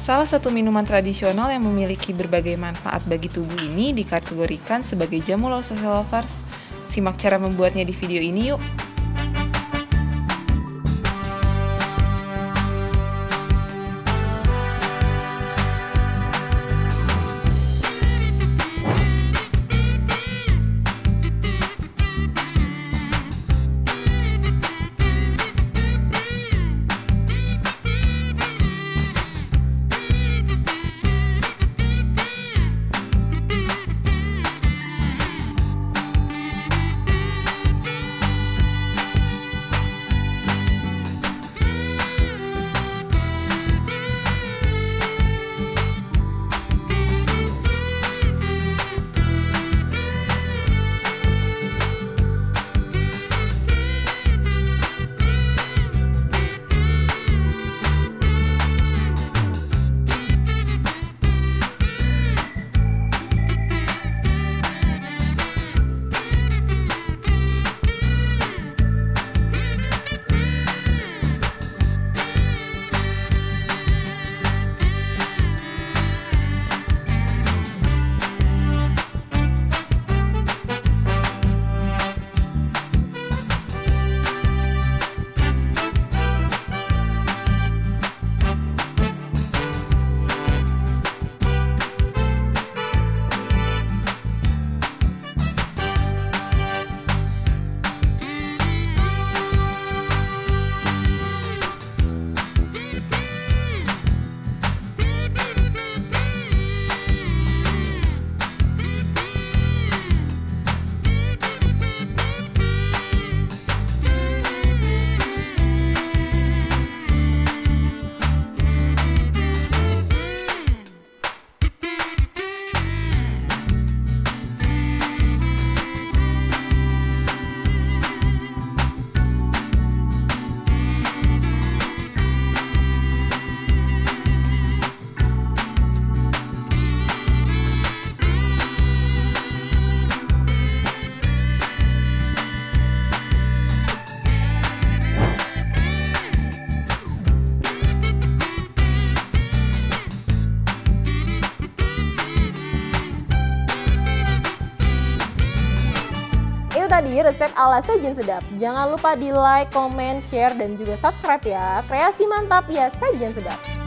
Salah satu minuman tradisional yang memiliki berbagai manfaat bagi tubuh ini dikategorikan sebagai jamu Lovers. Simak cara membuatnya di video ini yuk. tadi resep ala sajian sedap. Jangan lupa di like, comment, share, dan juga subscribe ya. Kreasi mantap ya sajian sedap.